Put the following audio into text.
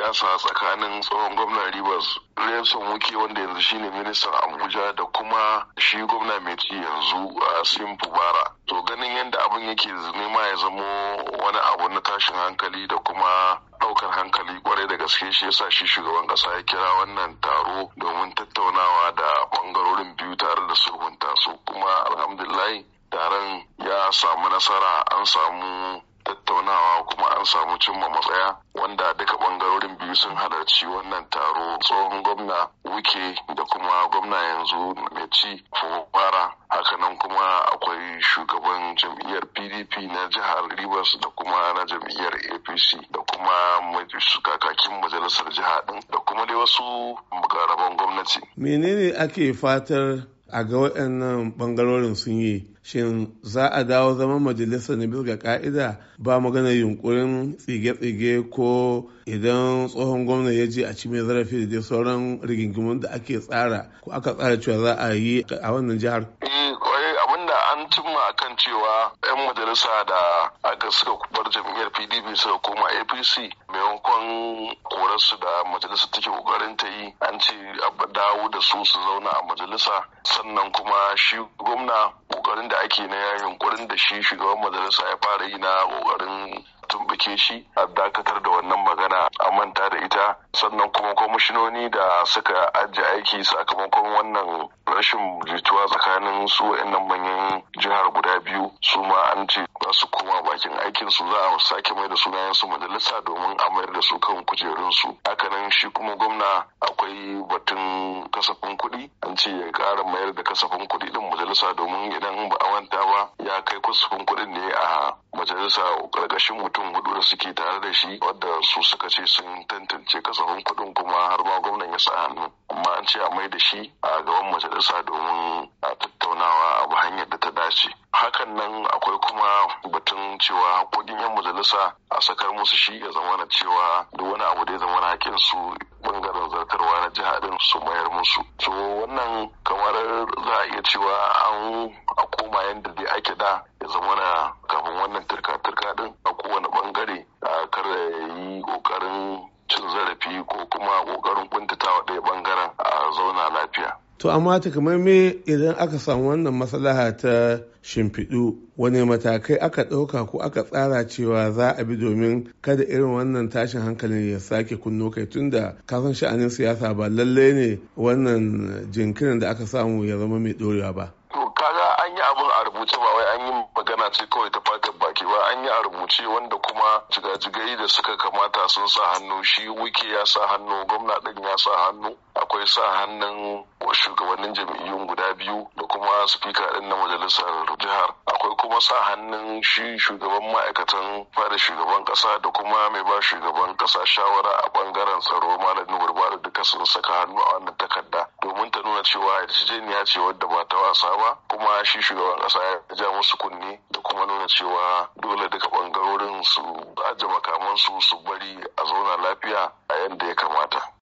siyasa tsakanin tsohon gwamnan Rivers Nelson Wuke wanda yanzu shine ministan Abuja da kuma shi gwamna mai ci yanzu a Simfu Bara. To ganin yadda abin yake nema ya zamo wani abu na tashin hankali da kuma ɗaukar hankali kwarai da gaske shi yasa shi shugaban ƙasa ya kira wannan taro domin tattaunawa da ɓangarorin biyu tare da sulhunta su kuma alhamdulillah taron ya samu nasara an samu tattaunawa kuma an samu cimma matsaya wanda duka bangarorin biyu sun halarci wannan taro tsohon gwamna wike da kuma gwamna yanzu mai ci fara hakanan kuma akwai shugaban jam'iyyar pdp na jihar rivers da kuma na jam'iyyar apc da kuma kakakin majalisar jiha din da kuma dai wasu mukarraban gwamnati menene ake fatar a ga waɗannan ɓangarorin sun yi shin za a dawo zaman Majalisar na bisa ga ka'ida ba magana yunkurin tsige-tsige ko idan tsohon gwamna ya je a ci mai zarafi da dai sauran rigingimun da ake tsara ko aka tsara cewa za a yi a wannan jihar an cimma a kan cewa 'yan majalisa da aka suka kubar jam'iyyar pdp suka koma apc maimakon korarsu da majalisa take kokarin ta yi an ce dawo da su su zauna a majalisa sannan kuma shi gwamna kokarin da ake na yunkurin da shi shugaban majalisa ya fara yi na kokarin tumbuke shi a dakatar da wannan magana a manta da ita sannan kuma kwamishinoni da suka ajiye aiki sakamakon wannan rashin jituwa tsakanin su wa'annan manyan jihar guda biyu su ma an ce za su koma bakin aikin su za a sake mai da sunayen su majalisa domin a mayar da su kan kujerunsu. su haka nan shi kuma gwamna akwai batun kasafin kuɗi an ce ya ƙara mayar da kasafin kuɗi din majalisa domin idan ba a wanta ba ya kai kasafin kuɗin ne a majalisa ƙarƙashin mutum hudu da suke tare da shi wadda su suka ce sun tantance kasafin kuɗin kuma har ma gwamnan ya sa hannu amma an ce a mai da shi a gaban majalisa domin a tattaunawa a hanyar da ta dace hakan nan akwai kuma batun cewa hakokin yan majalisa a sakar musu shi ya zama na cewa duk wani abu da ya zama na hakin su bangaren zartarwa na jiha din su mayar musu to wannan kamar za a iya cewa an a koma yadda dai ake da ya zama na kafin wannan turka-turka din a kowane bangare a kar yi kokarin cin zarafi ko kuma kokarin kuntatawa ɗaya bangaren a zauna lafiya To amma kamar me idan aka samu wannan maslaha ta shimfiɗu wani matakai aka ɗauka ko aka tsara cewa za a bi domin kada irin wannan tashin hankalin ya sake kunno kai tun da kasan sha'anin siyasa ba lallai ne wannan jinkirin da aka samu ya zama mai ɗorewa ba. an yi abin a rubuce ba wai an yi magana ce kawai ta fatar baki ba an yi a rubuce wanda kuma jigajigai da suka kamata sun sa hannu shi wuke ya sa hannu gwamna din ya sa hannu akwai sa hannun shugabannin jam'iyyun guda biyu da kuma spika din na majalisar jihar akwai kuma sa hannun shi shugaban ma'aikatan fada shugaban kasa da kuma mai ba shugaban kasa shawara a bangaren tsaro malamin gurbara duka sun saka hannu a wannan takarda nuna cewa ya ce wadda ba ta wasa ba kuma shi shugaban kasa ya ja musu kunni da kuma nuna cewa dole duka bangarorin su ajiye makamansu su bari a zauna lafiya a yadda ya kamata